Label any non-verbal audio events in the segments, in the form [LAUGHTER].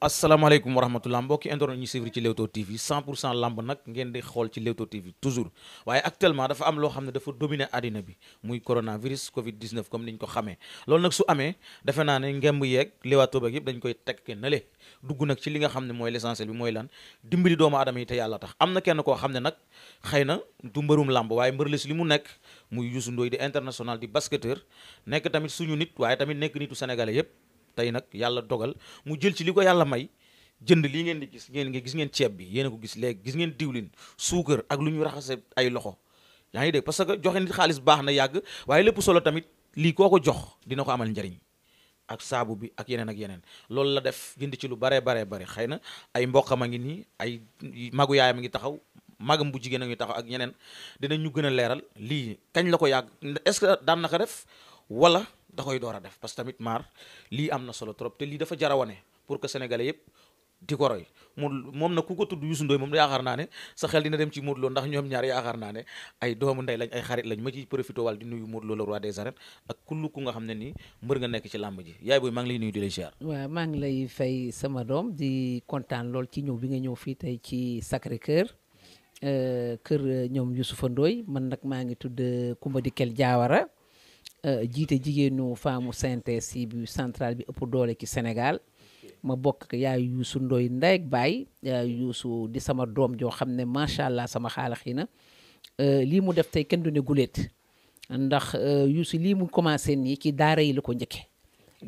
asalaamaaleykum wa rahmatulah mbokki internet ñu suivre ci Leewtoo TV 100 pour cent lamb nag ngeen di xool ci Leewtoo TV toujours waaye actuellement dafa am loo xam ne dafa dominer àddina bi muy coronavirus Covid 19 comme ni ñu ko xamee loolu nag su amee defe naa ne ngemb yeeg Leewtoo beeg yëpp dañ koy teg ke nale dugg nag ci li nga xam ne mooy l'essentiel bi mooy lan dimbali doomu aadama yi te yàlla tax am na kenn koo xam ne nag xëy na du mbërum lamb waaye mbër la mu nekk muy Youssou Ndoye di international di basketteur tamit suñu nit waaye tamit nekk nitu sénégalais yëpp. tey nag yàlla dogal mu jël ci li ko yàlla may jënd lii ngeen di gis ngeen gis ngeen ceeb bi yéen a ko gis léegi gis ngeen diwlin suukar ak lu ñu raxase ay loxo yaa ngi dégg parce que joxe nit xaalis baax na yàgg waaye lépp solo tamit lii koo ko jox dina ko amal njariñ ak saabu bi ak yeneen ak yeneen loolu la def jënd ci lu baree baree bare xëy na ay mbokkam a ngi nii ay magu yaayam a ngi taxaw magam bu jigéen a ngi taxaw ak yeneen dinañ ñu gën a leeral lii kañ la ko yàgg est-ce def wala da koy door a def parce tamit maar lii am na solo trop te lii dafa jar a pour que sénégalais yëpp di ko roy mu moom na ku ko tudd Youssou Ndoye moom yaakaar naa ne sa dina dem ci Modou Lo ndax ñaar yaakaar naa ne ay doomu ndey lañ ay xarit lañ ma ci profité wàll di nuyu Modou Lo le roi des arènes ak kullu ku nga xam ne nii mbër nga nekk ci làmb ji yaay booy maa ngi lay nuyu di lay ziar. waaw maa ngi lay fay sama doom di kontaan lool ci ñëw bi nga ñëw fii tey ci Sacré Cœur euh, kër euh, ñoom Youssoufa Ndoye man nag maa ngi tudd Koumba euh, Dikel Diawara Euh, jiite jigéenu faamu synthèse si bu centrale bi ëpp doole ci Sénégal ma bokk yaay yuusu ndoy ndey baay yaay yuusu di sama doom joo xam ne macha allah sama xaala xii na euh, lii mu def tey kenn du ne guléet ndax euh, yuusu lii mu commencé nii kii daara yi la ko njëkke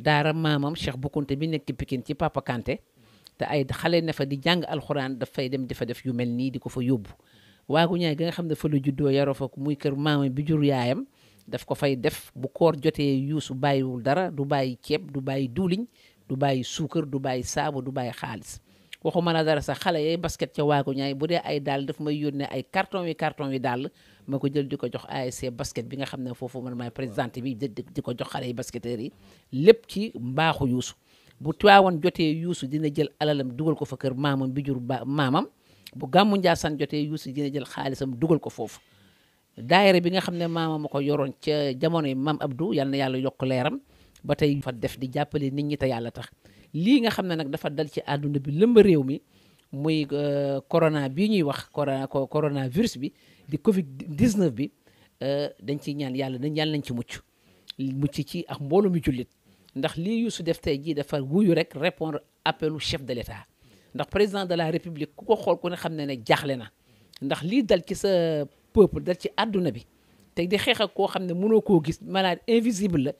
daara maamam Cheikh Boukounte bi nekk Pikine ci Papa Kanté te ay xale ne fa di jàng alxuraan dafay dem di fa def yu mel nii di ko fa yóbbu waagu ñaay gi nga xam ne fa la juddoo yaroo fa muy kër maamam bi jur yaayam daf ko fay def bu koor jotee yuusu bàyyiwul dara du bàyyi ceeb du bàyyi duuliñ du bàyyi suukar du bàyyi saabu du bàyyi xaalis waxuma la dara sax xale yay basket ca waagu ñaay bu dee ay daal daf may yónnee ay carton wi carton wi daal ma ko jël di ko jox ASC basket bi nga xam ne foofu man maay présidente bi di ko jox xale yi basketteurs yi lépp ci mbaaxu yuusu bu tuwaawoon jotee yuusu dina jël alalam dugal ko fa kër maamam bi jur ba maamam bu gàmmu njaasaan jotee yuusu dina jël xaalisam dugal ko foofu daayira bi nga xam ne maama ma ko yoroon ca jamono yi maam Abdou yal na yàlla yokk leeram ba tey fa def di jàppale nit ñi te yàlla tax lii nga xam ne nag dafa dal ci àdduna bi lëmba réew mi muy euh, corona bii ñuy wax corona coronavirus bi di Covid 19 bi euh, dañ ci ñaan yàlla dañ yàlla nañ ci mucc mucc ci ak mbooloo mi jullit ndax lii yu su def tey jii dafa wuyu rek répondre appelu chef de l'État ndax président de la république ku ko xool ku ne xam ne ne jaaxle na peuple dal ci bi te di xeex ak koo xam ne mënoo koo gis maanaam invisible la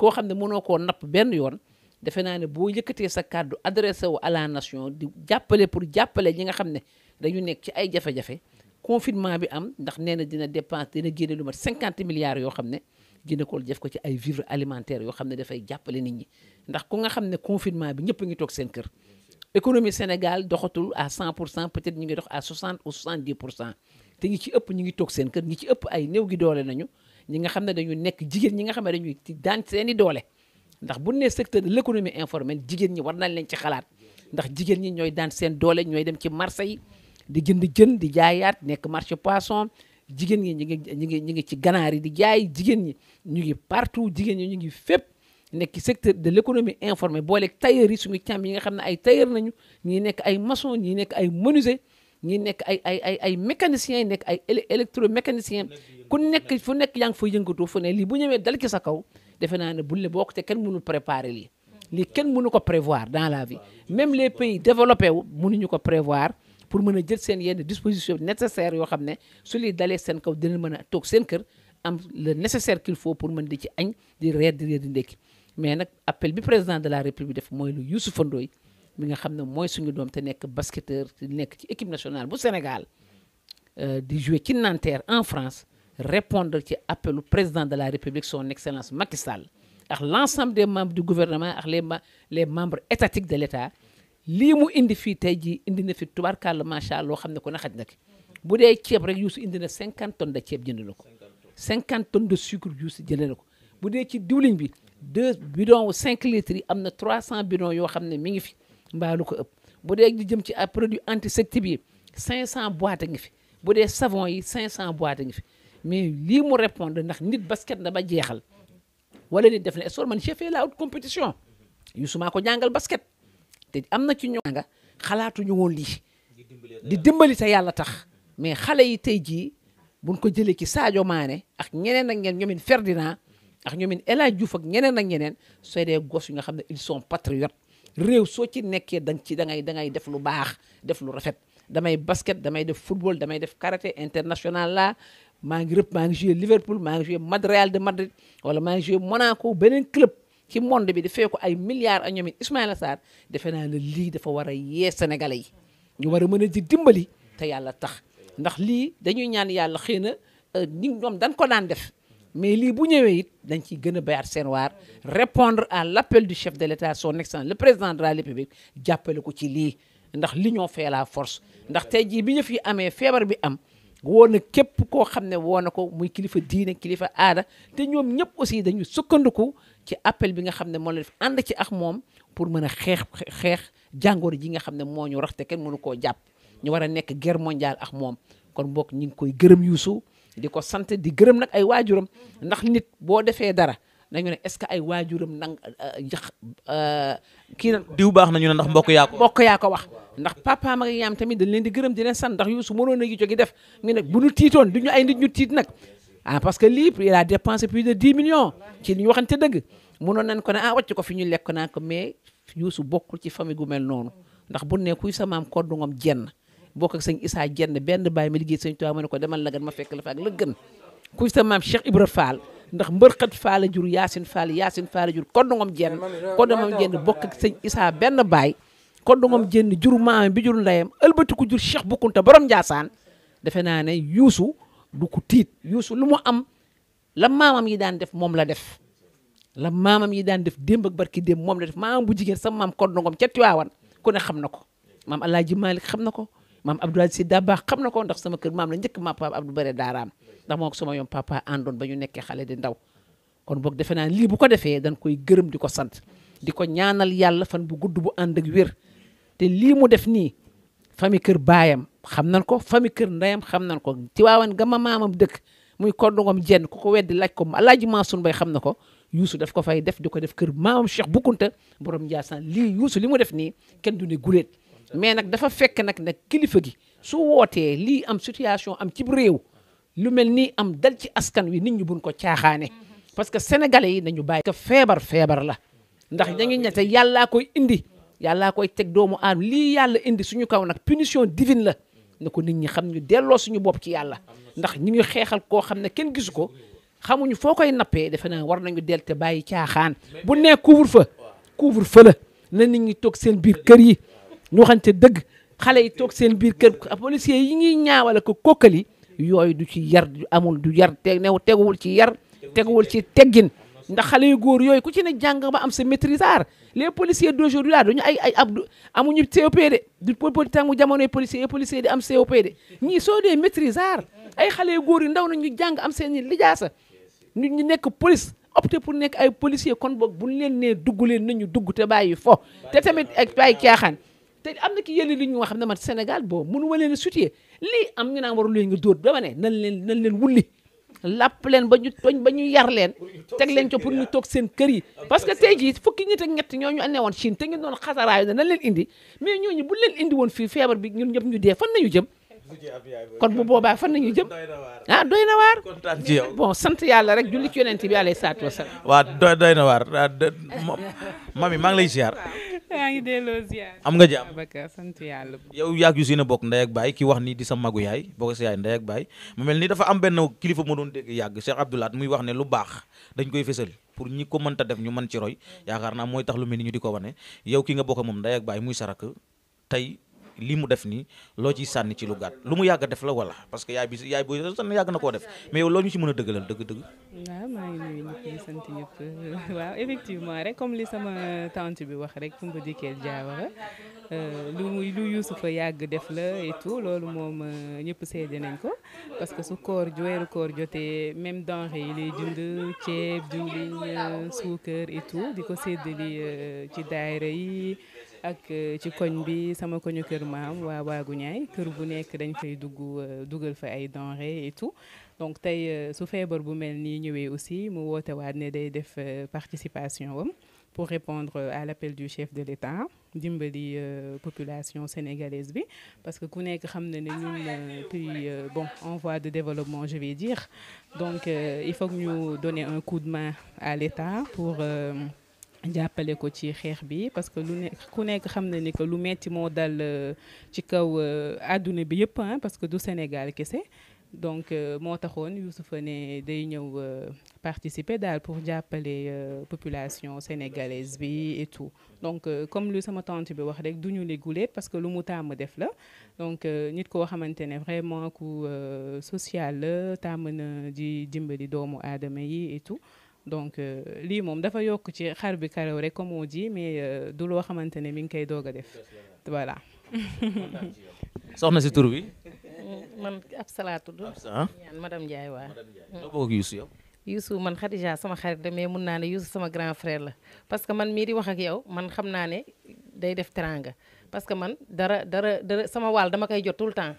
koo xam ne mënoo koo napp benn yoon defe naa ne boo yëkkatee sa kàddu adressé wu à la nation di jàppale pour jàppale ñi nga xam ne dañu nekk ci ay jafe-jafe confinement bi am ndax nee na dina dépense dina génne lu mat cinquante milliards yoo xam ne dina ko def ko ci ay vivres alimentaires yoo xam ne dafay jàppale nit ñi ndax ku nga xam ne confinement bi ñëpp a ngi toog seen kër économie Sénégal doxatul à cent pour cent peut-être ñu ngi dox à soixante ou pour cent te ngi ci ëpp ñu ngi toog seen kër ñi ci ëpp ay néew gi doole nañu ñi nga xam ne dañu nekk jigéen ñi nga xam ne dañuy ci daan doole ndax bu ne secteur de l'économie informelle jigéen ñi war nañ leen ci xalaat ndax jigéen ñi ñooy daan seen doole ñooy dem ci marché yi di jënd jën di jaayaat nekk marché poisson jigéen ñi ñu ngi ñu ngi ñu ngi ci ganaar yi di jaay jigéen ñi ñu ngi partout jigéen ñi ñu ngi fépp nekk secteur de l'économie informelle booleeg tailleur yi suñu càmm yi nga xam ne ay tailleur nañu ñii nekk ay maçon ñii nekk ay menuisier ñi nekk ay ay ay ay mécaniciens nekk ay électromécaniciens ku nekk fu nekk yaa ngi fa yëngatu fu ne lii bu ñëwee dal ci sa kaw defe naa ne bul ne bokk te kenn mënu préparer lii lii kenn munu ko prévoir dans la vie même les pays développés wu mënuñu ko prévoir pour mën a jël seen yenn dispositions nécessaires yoo xam ne su lii dalee seen kaw dina mën a toog seen kër am le nécessaire qu'il faut pour mën di ci añ di red di reer di ndékki mais nag appel bi président de la république def mooy lu Youssoupha Ndoye mi nga xam ne mooy suñu doom te nekk basketteur te nekk ci équipe nationale bu Sénégal euh, di jouer ci Nanterre en France répondre ci appelu président de la République son excellence Macky Sall ak l'ensemble des membres du gouvernement ak les les membres étatiques de l'État lii mu indi fii tey jii indi na fi tubarkàlla macha allah loo xam ne ko na xaj na ki bu dee ceeb rek Youssou indi na 50 tonnes de ceeb jënd na ko 50 tonnes de sucre Youssou jënd na ko bu dee ci diwlin bi deux bidons 5 litres yi am na 300 bidons yoo xam ne mi ngi mbaa lu ko ëpp bu dee di jëm ci ay produit antiseptique yi 500 boîte ngi fi bu dee savon yi cinq 500 boîte ngi fi mais lii mu répondre ndax nit basket na ba jeexal wala nit def ne sport man j'ai la haute compétition Youssou maa ko jàngal basket te am na ci ñoo nga xalaatuñu woon lii di dimbali te yàlla tax mais xale yi tey jii buñ ko jëlee ci Sadio Mané ak ñeneen ak ñeneen ñoomin Ferdinand ak ñoomin El Hadj Diouf ak ñeneen ak ñeneen c'est des gosses yu na xam ne ils sont patriotes réew soo ci nekkee danga ci da da ngay def lu baax def lu rafet damay basket damay def football damay def karaté international la maa ngi rëpp maa ngi joué Liverpool maa ngi joué Madrid de Madrid wala maa ngi joué Monaco beneen club ci monde bi dafee ko ay milliards ak ñoom it Ismaïla defe naa ne lii dafa war a yee Sénégalais yi ñu war a mën a di dimbali te yàlla tax ndax lii dañuy ñaan yàlla xëy na euh, ñi ñoom dañ ko daan def mais lii bu ñëwee it dañ ciy gën a bayaat seen waar répondre à l'appel du chef de l'État son excellence le président de la jàppale ko ci lii ndax l'union fait la force ndax tey jii bi ñu fi amee feebar bi am woo na képp koo xam ne woo na ko muy kilifa diine kilifa aada te ñoom ñëpp aussi dañu sukkandiku ci appel bi nga xam ne moom la def ànd ci ak moom pour mën a xeex xeex jàngoro ji nga xam ne moo ñu rax kenn mënu koo jàpp ñu war a nekk guerre mondiale ak moom kon mbokk ñu ngi koy gërëm yuusu di ko sant di gërëm nag ay waajuram ndax nit boo defee dara nañu ne est-ce que ay waajuram nang euh, jax euh, kii nan diw baax nañu ne ndax mbokk yaa ko mbokk yaa ko wax ndax papaam ak yaam tamit dañ leen di gërëm di leen sant ndax Youssou mënoon a gi jógi def ñu ne bu ñu tiitoon du ñu ay nit ñu tiit nag ah parce que lii il a dépensé plus de 10 millions ci li ñu waxante dëgg mënoon nañ ko ne ah wàcc ko fi ñu lekk naa ko mais Youssou bokkul ci famille gu mel noonu ndax bu ne kuy sa maam koddu ngom jenn bokk ak sëñ Isaa jenn benn bàyyi ma liggéey sëñ Tuubaa ma ne ko deman la gën ma fekk la fa ak la gën ku sa maam Cheikh Ibra Fall ndax mbërxat faala jur yaasin faal yaasin faala jur kondongom jenn kondongom jenn bokk ak sëñ Isaa benn baay kondongom jenn jur maam bi jur ndeyam ëlbatiku jur Cheikh Bukunta borom Njaasaan defe naa ne yuusu du ko tiit yuusu lu mu am la maamam yi daan def moom la def la maamam yi daan def démb ak barki dem moom la def maamam bu jigéen sa maam kondongom ca Tiwaawan ku ne xam na ko maam Alaaji Maalik xam na ko maam Abdou Aziz Sy Dabakh xam na ko ndax sama kër maam la njëkk ma papa Abdou Bare daaraam ndax moo ko sama yoon papa àndoon ba ñu nekkee xale di ndaw kon boog defe naa lii bu ko defee dañ koy gërëm di ko sant di ko ñaanal yàlla fan bu gudd bu ànd ak wér te lii mu def nii fami kër baayam xam nañ ko famille kër ndeyam xam nañ ko tiwaawan gama maamam dëkk muy kondongom jenn ku ko weddi laaj ko alaaji Mansour bay xam na ko yuusu def ko fay def di ko def kër maamam Cheikh Boukounta borom Ndiassane lii yuusu li mu def nii kenn du mais nag dafa fekk nag nag kilifa gi su wootee lii am situation am ci réew lu mel nii am dal ci askan wi nit ñi buñ ko caaxaane parce que sénégalais yi nañu bàyyi que feebar feebar la ndax ña ngi ñette yàllaa koy indi yàllaa koy teg doomu aadama lii yàlla indi suñu kaw nag punition divine la na ko nit ñi xam ñu delloo suñu bop ci yàlla ndax ñu ngi xeexal koo xam ne kenn gisu ko xamuñu foo koy nappee defe naa war nañu del te bàyyi caaxaan bu nee couvre feu couvre feu la nit ñi toog seen biir kër yi ñu waxante dëgg xale yi toog seen biir kër policiers yi ñuy ñaawal ko kokkali yooyu du ci yar du amul du yar teg new teguwul ci yar teguwul ci teggin ndax xale yu góor yooyu ku ci ne jàng ba am sa maîtrisard les policiers d'aujourd'hui là dañu ay ay abdu amuñu COP de du politique mu jamonoy policier yi policier di am COP de soo dee maîtrisard ay xale yu góor yu ndaw na ñu jàng am seen i lijaasa ñu ñu nekk police opté pour nekk ay policier kon boog buñ leen nee dugg leen nañu dugg te bàyyi fo te tamit ak bàyyi caaxaan te am na ki yenn li ñu nga xam ne man Sénégal boo mënu ma leen a sutiyee lii am ñu naan waru leen nga dóor nan leen nan leen wulli làpp leen ba ñu toñ ba ñu yar leen teg leen co pour ñu toog seen kër yi parce que tey jii fukki nit ak ñett ñoo ñu anee woon Chine te nan leen indi mais ñooñu bu leen indi woon fii feebar bi ñun ñëpp ñu dee fan nañu jëm kon bu boobaa fan nañu jëm ah, doy na waar kontaan ci yow bon sant yàlla rek julli ci yonent bi alayhi salaatu wasalaam waaw doy doy na waar mami maa ngi lay ziar yaa ngi delloo ziar am nga jàmm Babacar sant yàlla yow yaag yu si bokk ndey baay ki wax nii di sa magu yaay boo ko si yaay ndey baay mu mel ni dafa am benn kilifa mu doon dégg yàgg Cheikh Abdoulaat muy wax ne lu baax dañ koy fësal pour ñi ko mënta def ñu mën ci roy yaakaar naa mooy tax lu mel ni ñu di ko wane yow ki nga bokk moom ndey ak baay muy sarak tey lii mu def nii loo ciy sànni ci lu gàtt lu mu yàgg def la wala parce que yaay bi yaay booy sànni yàgg na koo def mais yow loo ñu ci mën a dëggalal dëgg-dëgg. waaw maa ngi nuyu ñëpp sant ñëpp [LAUGHS] waaw effectivement rek comme li sama tante bi wax rek Koumba Dikel Diawara euh, lu muy lu Youssoufa yàgg def la et tout loolu moom euh, ñëpp seede nañ ko parce que su koor koor jotee même denrée yi lay jënd ceeb diwlin euh, suukar et di ko séddali ci daayira yi. ak eh, ci koñ bi sama koñu kër maam waa waagu ñaay kër bu nekk dañ fay dugg eh, dugal fa ay denrées et tout donc tey eh, su feebar bu mel nii ñëwee aussi mu woote waat ne day def participation wam pour répondre à l'appel du chef de l'État dimbali population sénégalaise bi parce que ku nekk xam na ne ñun pays bon en de développement je vais dire donc il faut ñu donner un coup de main à l'État pour jàppale ko ci xeex bi parce que lu ne ku nekk xam na ni que lu metti moo dal euh, ci kaw euh, àdduna bi yëpp ah parce que du Sénégal kese donc euh, moo taxoon Youssoufa ne day ñëw participer daal pour jàppale population sénégalaise bi et tout donc comme lu sama tante bi wax rek du ñu ne guléet parce que lu mu tàmm def la donc nit koo xamante ne vraiment ku social la tàmm na di dimbali doomu aadama yi et tout donc euh, lii moom dafa yokk ci xar bi karaw rek comme on dit mais euh, du loo xamante ne mi ngi koy doog a def voilà. [LAUGHS] soxna si tur bi. Mm, man ab salaatu du. ñaan ah. madame Ndiaye waa. loo bëgg ak Youssou yow. Youssou man Khadija sama xarit la mais mun naa ne Youssou sama grand frère la parce que man mii di wax ak yow man xam naa ne day def teranga parce que man dara dara dara sama wàll dama koy jot tout le temps.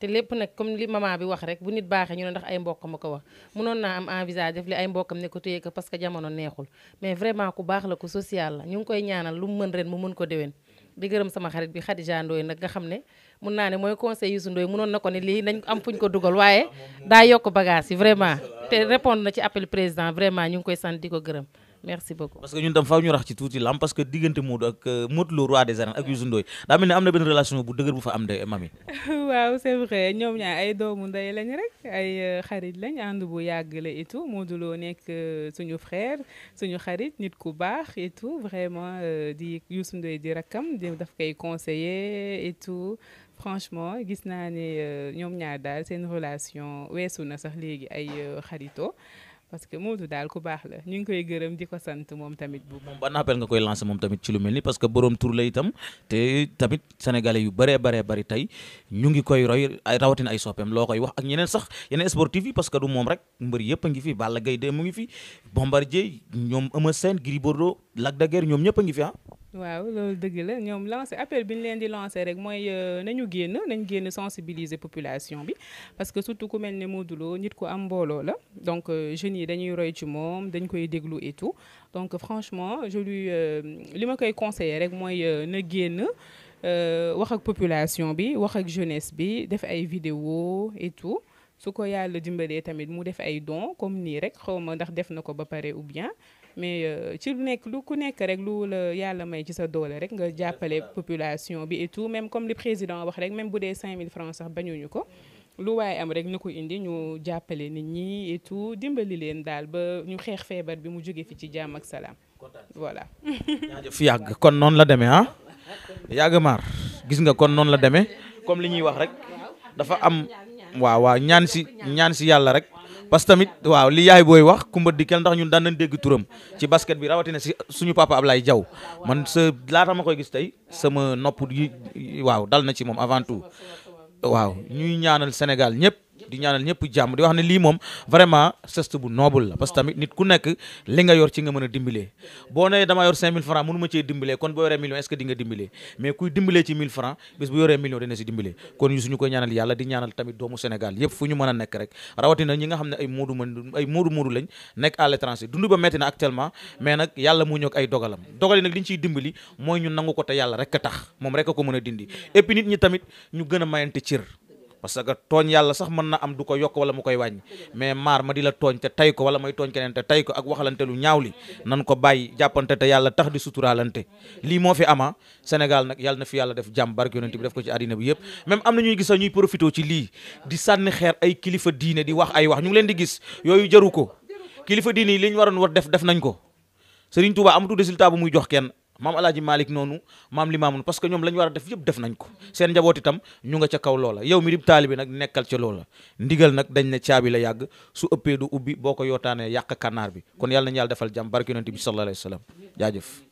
te lépp nag comme li maman bi wax rek bu nit baaxee ñu ne ndax ay mbokk ma ko wax mënoon naa am envisage def li ay mbokkam ne ko téye ko parce que jamono neexul mais vraiment ku baax la ku social la ñu ngi koy ñaanal lu mu mën ren mu mën ko déwén di gërëm sama xarit bi Khadija nag nga xam ne mun naa ne mooy conseil Youssou Ndoye munoon na ko ne lii nañ am fuñ ko dugal waaye daa yokk bagage yi vraiment te répondre na ci appel président vraiment ñu ngi koy sant di ko gërëm merci beaucoup parce que ñun tam faaw ñu rax ci tuuti lam parce que diggante Modou ak euh, Modou Lo roi des arènes ak Youssou Ndoye daa mel ni am na benn relation bu dëgër bu fa am de mami [LAUGHS] waaw c'est vrai ñoom ñaar ay doomu ndey lañ rek ay euh, xarit lañ ànd bu yàgg la et tout Modou Lo nekk euh, suñu frère suñu xarit nit ku baax et tout vraiment di Youssou Ndoye di rakkam di daf kay conseiller et tout franchement gis naa ne ñoom ñaar daal seen relation weesu na sax léegi ay xarito parce que Modou daal ku baax la ñu ngi koy gërëm di ko sant moom tamit bu baax. ban appel nga koy lancé moom tamit ci lu mel ni parce que borom tur la itam te tamit sénégalais yu bëree bëree bari tey ñu ngi koy roy ay rawatina ay soppeem loo koy wax ak ñeneen sax yeneen sportif yi parce que du moom rek mbër yëpp ngi fi Balla Gaye de mu ngi fi Bombardier ñoom ama seen Gris Bordeaux Lac de Guiers ñoom ñëpp ngi fi ah. waaw loolu dëgg la ñoom lancé appel bi ñu leen di lancé rek mooy euh, nañu génn nañ génn sensibiliser population bi parce que surtout ku mel ne Modou Lo nit ku am mbooloo la donc euh, jeunes yi dañuy roy ci moom dañ koy déglu et donc franchement je lui euh, li ma koy conseiller rek mooy na génn wax ak population bi wax ak jeunesse bi def ay vidéo et su ko yàlla dimbalee tamit mu def ay don comme nii rek xaw ma ndax def na ko ba pare ou bien mais euh, ci lu nekk lu ku nekk rek lu la yàlla may ci sa doole rek nga jàppale population bi et tout même comme li président wax rek même bu dee 5000 francs sax bañuñu ko lu waaye am rek na ko indi ñu jàppale nit ñi et dimbali leen daal ba ñu xeex feebar bi mu jóge fi ci jàmm ak salaam voilà. fu yàgg kon noonu la demee ah yàgg maar gis nga kon noonu la demee comme li ñuy waaw waaw ñaan si ñaan si yàlla rek parce que tamit waaw li yaay booy wax Kumba Dikkel ndax ñun daan nañ dégg turam ci basket bi rawatina si suñu papa Ablaye jaw man sa laata ma koy gis tey sama nopp yi waaw dal na ci moom avant tout waaw ñuy ñaanal Sénégal ñëpp. di ñaanal ñëpp jàmm di wax ne lii moom vraiment geste bu noble la parce tamit nit ku nekk li nga yor ci nga mën a dimbalee boo nee dama yor 5000 francs mënu ma cee mais kuy dimbalee ci 1000 francs bis bu yoree koy ñaanal yàlla di ñaanal tamit doomu Sénégal yëpp fu ñu mën a nekk rek rawatina ñi nga xam ne ay moodu mën lañ nekk à l'étranger dund ba metti na actuellement mais nag yàlla mu ñëw ay dogalam dogali nag li ñu ciy dimbali mooy ñu nangu ko te yàlla parce que tooñ yàlla sax mën na am du ko yokk wala mu koy wàññi mais maar ma di la tooñ te tay ko wala may tooñ keneen te tay ko ak waxalante lu ñaaw li nan ko bàyyi jàppante te yàlla tax di suturaalante lii moo fi ama Sénégal nag yàlla na fi yàlla def jàmm barke yonent bi def ko ci àddina bi yëpp même am na ñuy gis ñuy profité ci lii di sànni xeer ay kilifa diine di wax ay wax ñu ngi leen di gis yooyu jaru ko kilifa diine yi li waroon war def def nañ ko Serigne maam alaaji Malick noonu maam Limaamu parce que ñoom la ñu war a def yëpp def nañ ko seen njaboot itam ñu nga ca kaw loola yow mi di taalibe nag nekkal ca loola ndigal nag dañ ne caabi la yàgg su ëppee du ubbi boo ko yootaanee yàq kànnaar bi kon yàlla nañu yàlla defal jàmm barke yonent bi sallallahu alayhi wa sallam